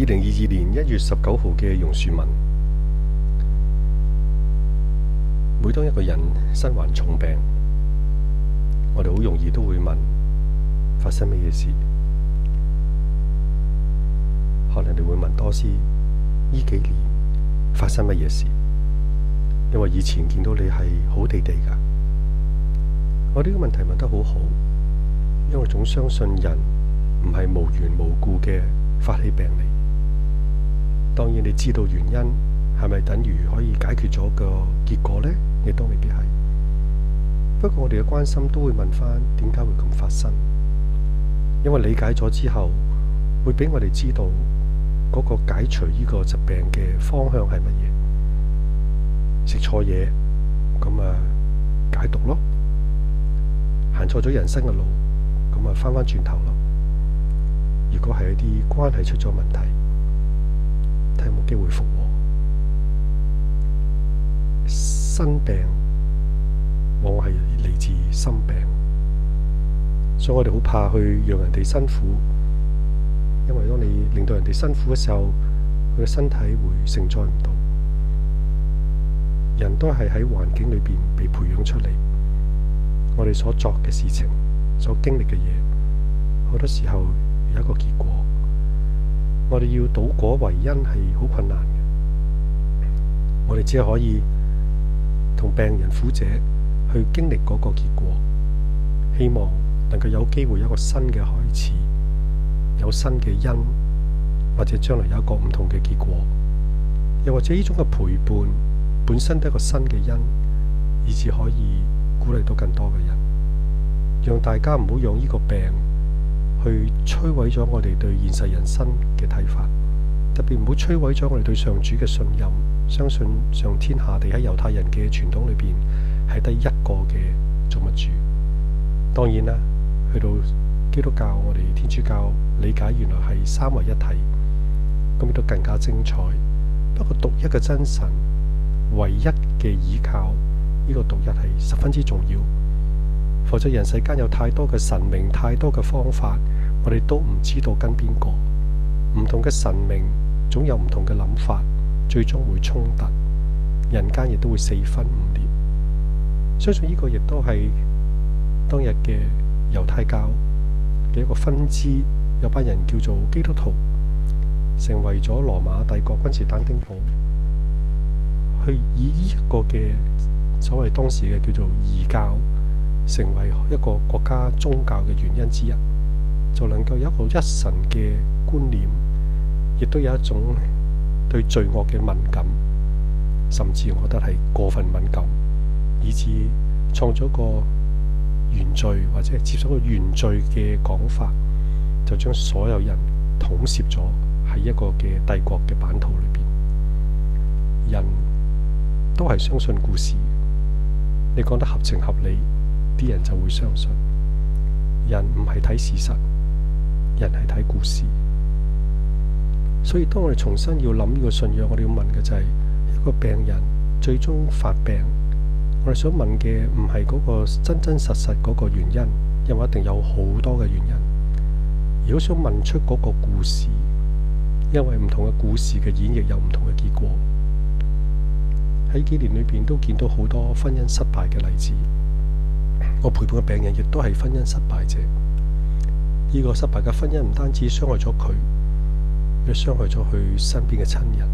二零二二年一月十九號嘅榕樹文，每當一個人身患重病，我哋好容易都會問發生乜嘢事，可能你會問多斯呢幾年發生乜嘢事，因為以前見到你係好地地㗎。我呢個問題問得好好，因為總相信人唔係無緣無故嘅發起病嚟。當然，你知道原因係咪等於可以解決咗個結果呢？亦都未必係。不過，我哋嘅關心都會問翻點解會咁發生，因為理解咗之後，會畀我哋知道嗰個解除呢個疾病嘅方向係乜嘢。食錯嘢咁咪解毒咯；行錯咗人生嘅路，咁咪翻翻轉頭咯。如果係一啲關係出咗問題。睇有冇機會復和。生病往往係嚟自心病，所以我哋好怕去讓人哋辛苦，因為當你令到人哋辛苦嘅時候，佢嘅身體會承載唔到。人都係喺環境裏邊被培養出嚟，我哋所作嘅事情、所經歷嘅嘢，好多時候有一個結果。我哋要倒果為因係好困難嘅，我哋只係可以同病人苦者去經歷嗰個結果，希望能夠有機會有一個新嘅開始，有新嘅因，或者將來有一個唔同嘅結果，又或者呢種嘅陪伴本身都一個新嘅因，以至可以鼓勵到更多嘅人，讓大家唔好用呢個病去摧毀咗我哋對現實人生嘅睇法，特別唔好摧毀咗我哋對上主嘅信任。相信上天下地喺猶太人嘅傳統裏邊係得一個嘅造物主。當然啦，去到基督教我，我哋天主教理解原來係三位一體，咁亦都更加精彩。不過獨一嘅真神，唯一嘅倚靠，呢個獨一係十分之重要。否則人世間有太多嘅神明，太多嘅方法。我哋都唔知道跟邊個，唔同嘅神明，總有唔同嘅諗法，最終會衝突，人間亦都會四分五裂。相信呢個亦都係當日嘅猶太教嘅一個分支，有班人叫做基督徒，成為咗羅馬帝國君士坦丁堡。去以呢一個嘅，所謂當時嘅叫做異教，成為一個國家宗教嘅原因之一。就能夠有一個一神嘅觀念，亦都有一種對罪惡嘅敏感，甚至我覺得係過分敏感，以致創咗個原罪或者接咗個原罪嘅講法，就將所有人統攝咗喺一個嘅帝國嘅版圖裏邊。人都係相信故事，你講得合情合理，啲人就會相信。人唔係睇事實。人係睇故事，所以當我哋重新要諗呢個信仰，我哋要問嘅就係一個病人最終發病，我哋想問嘅唔係嗰個真真實實嗰個原因，因為一定有好多嘅原因。如果想問出嗰個故事，因為唔同嘅故事嘅演繹有唔同嘅結果。喺幾年裏邊都見到好多婚姻失敗嘅例子，我陪伴嘅病人亦都係婚姻失敗者。呢個失敗嘅婚姻唔單止傷害咗佢，亦傷害咗佢身邊嘅親人。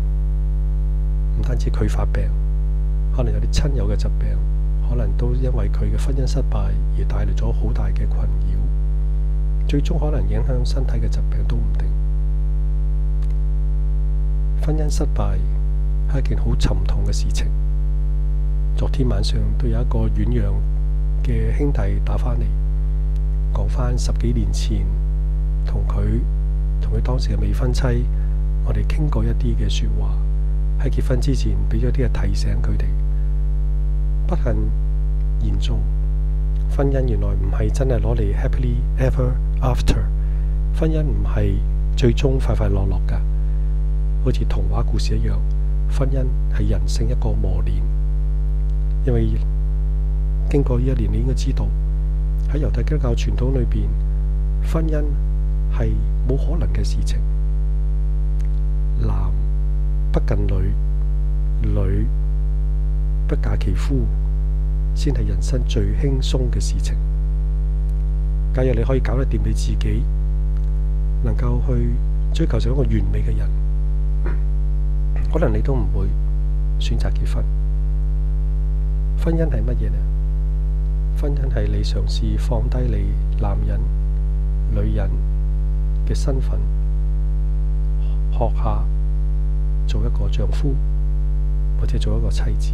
唔單止佢發病，可能有啲親友嘅疾病，可能都因為佢嘅婚姻失敗而帶嚟咗好大嘅困擾，最終可能影響身體嘅疾病都唔定。婚姻失敗係一件好沉痛嘅事情。昨天晚上都有一個遠洋嘅兄弟打返嚟。講返十幾年前同佢同佢當時嘅未婚妻，我哋傾過一啲嘅説話，喺結婚之前俾咗啲嘅提醒佢哋。不幸言中，婚姻原來唔係真係攞嚟 happily ever after，婚姻唔係最終快快樂樂㗎，好似童話故事一樣。婚姻係人性一個磨練，因為經過呢一年，你應該知道。喺猶太基督教傳統裏邊，婚姻係冇可能嘅事情。男不近女，女不嫁其夫，先係人生最輕鬆嘅事情。假若你可以搞得掂你自己，能夠去追求上一個完美嘅人，可能你都唔會選擇結婚。婚姻係乜嘢呢？婚姻係你嘗試放低你男人、女人嘅身份，學下做一個丈夫或者做一個妻子，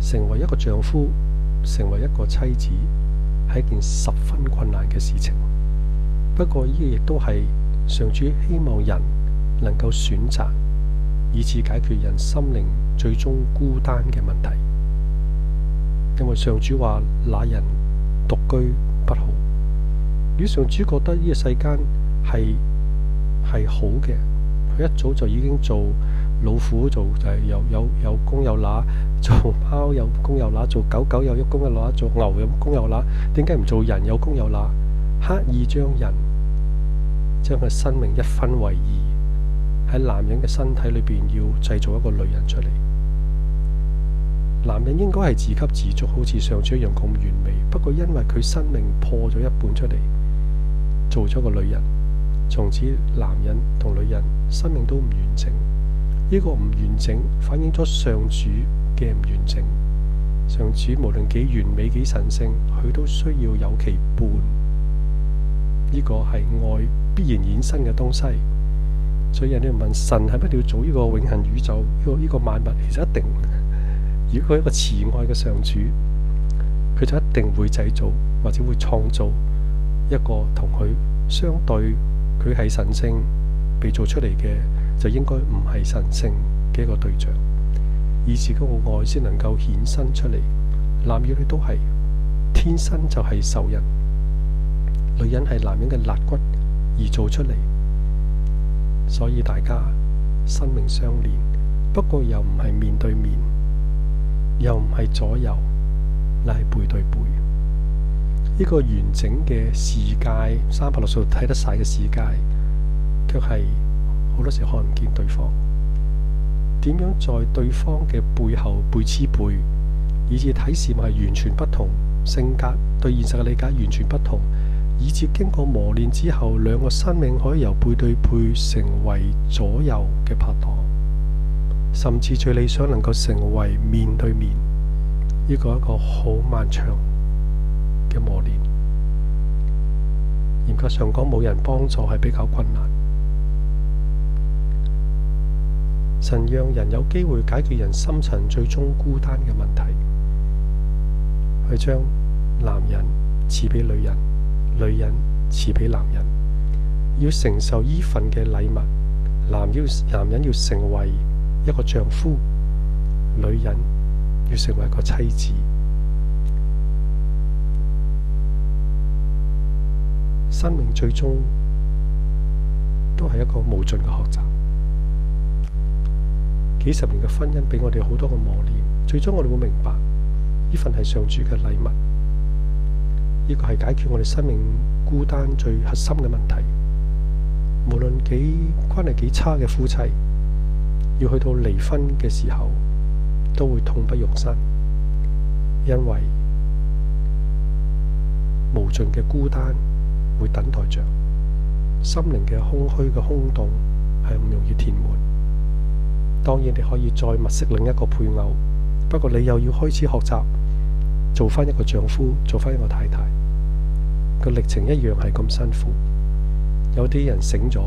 成為一個丈夫、成為一個妻子係一件十分困難嘅事情。不過呢，亦都係上主希望人能夠選擇，以致解決人心靈最終孤單嘅問題。因為上主話那人獨居不好，如果上主覺得呢個世間係係好嘅，佢一早就已經做老虎，做就係有有有公有乸，做貓有公有乸，做狗狗有一公有乸，做牛有公有乸，點解唔做人有公有乸？刻意將人將佢生命一分為二，喺男人嘅身體裏邊要製造一個女人出嚟。男人應該係自給自足，好似上主一樣咁完美。不過因為佢生命破咗一半出嚟，做咗個女人，從此男人同女人生命都唔完整。呢個唔完整反映咗上主嘅唔完整。上主無論幾完美幾神聖，佢都需要有其伴。呢個係愛必然衍生嘅東西。所以人哋問：神係唔係要做呢個永恆宇宙？呢個呢個萬物其實一定。如果一個慈愛嘅上主，佢就一定會製造或者會創造一個同佢相對，佢係神性被做出嚟嘅，就應該唔係神性嘅一個對象，以自己嘅愛先能夠衍生出嚟。男女都係天生就係仇人，女人係男人嘅肋骨而做出嚟，所以大家生命相連，不過又唔係面對面。又唔係左右，乃係背對背。呢個完整嘅世界，三百六十度睇得晒嘅世界，卻係好多時看唔見對方。點樣在對方嘅背後背之背，以至睇事物係完全不同，性格對現實嘅理解完全不同，以至經過磨練之後，兩個生命可以由背對背成為左右嘅拍檔。甚至最理想能夠成為面對面，呢個一個好漫長嘅磨練。嚴格上講，冇人幫助係比較困難。神讓人有機會解決人心層最終孤單嘅問題，佢將男人賜畀女人，女人賜俾男人，要承受依份嘅禮物。男要男人要成為。一個丈夫，女人要成為一個妻子，生命最終都係一個無盡嘅學習。幾十年嘅婚姻俾我哋好多嘅磨練，最終我哋會明白呢份係上主嘅禮物，呢個係解決我哋生命孤單最核心嘅問題。無論幾關係幾差嘅夫妻，要去到離婚嘅時候，都會痛不欲生，因為無盡嘅孤單會等待着。心靈嘅空虛嘅空洞係唔容易填滿。當然你可以再物色另一個配偶，不過你又要開始學習做翻一個丈夫，做翻一個太太，個歷程一樣係咁辛苦。有啲人醒咗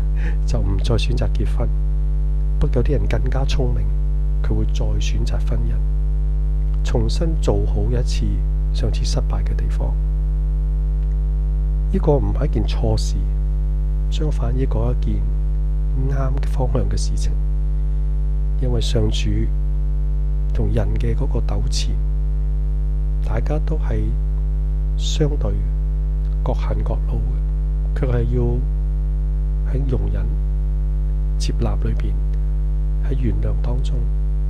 就唔再選擇結婚。不過有啲人更加聰明，佢會再選擇婚姻，重新做好一次上次失敗嘅地方。呢、這個唔係一件錯事，相反，呢個一件啱嘅方向嘅事情。因為上主同人嘅嗰個糾纏，大家都係相對各行各路嘅，佢係要喺容忍接納裏邊。喺原諒當中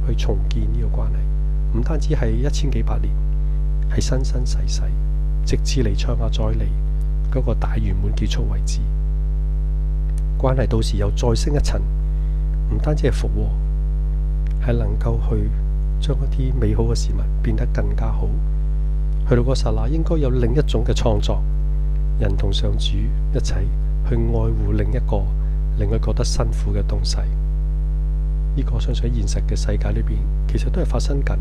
去重建呢個關係，唔單止係一千幾百年，係生生世世，直至離昌下再嚟嗰個大圓滿結束為止。關係到時又再升一層，唔單止係復和，係能夠去將一啲美好嘅事物變得更加好。去到嗰剎那，應該有另一種嘅創作，人同上主一齊去愛護另一個令佢覺得辛苦嘅東西。呢個相信喺現實嘅世界呢邊，其實都係發生緊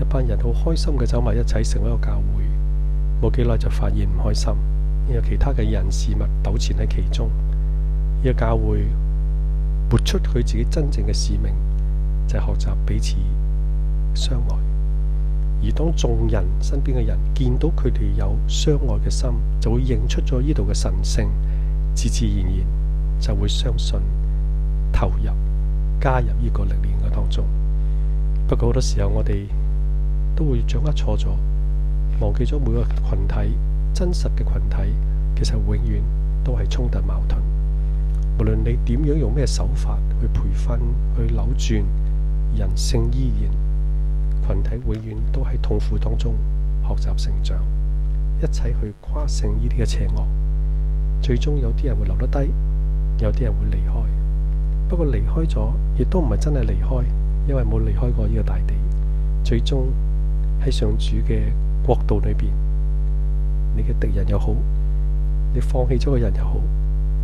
一班人好開心嘅走埋一齊，成為一個教會。冇幾耐就發現唔開心，因為其他嘅人事物糾纏喺其中。呢、這個教會活出佢自己真正嘅使命，就係、是、學習彼此相愛。而當眾人身邊嘅人見到佢哋有相愛嘅心，就會認出咗呢度嘅神性，自自然然就會相信投入。加入呢個歷練嘅當中，不過好多時候我哋都會掌握錯咗，忘記咗每個群體真實嘅群體，其實永遠都係衝突矛盾。無論你點樣用咩手法去培訓、去扭轉，人性依然，群體永遠都喺痛苦當中學習成長，一齊去跨性呢啲嘅邪惡。最終有啲人會留得低，有啲人會離開。離不過離開咗，亦都唔係真係離開，因為冇離開過呢個大地。最終喺上主嘅國度裏邊，你嘅敵人又好，你放棄咗嘅人又好，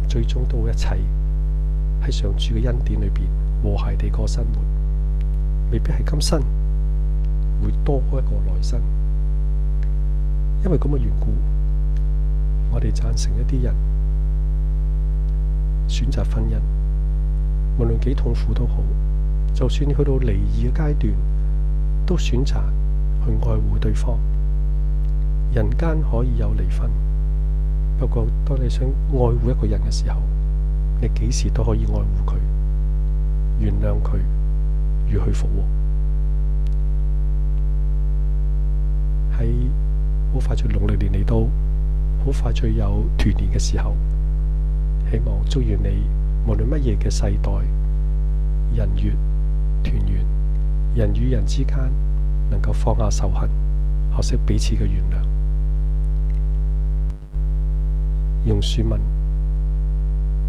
最終都會一齊喺上主嘅恩典裏邊和諧地過生活，未必係今生會多過一個來生。因為咁嘅緣故，我哋贊成一啲人選擇婚姻。無論幾痛苦都好，就算去到離異嘅階段，都選擇去愛護對方。人間可以有離婚，不過當你想愛護一個人嘅時候，你幾時都可以愛護佢，原諒佢，與佢複合。喺好快脆農曆年嚟到，好快脆有團年嘅時候，希望祝願你，無論乜嘢嘅世代、人月、團圓，人與人之間能夠放下仇恨，學識彼此嘅原諒。用樹文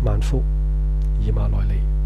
萬福，以馬內利。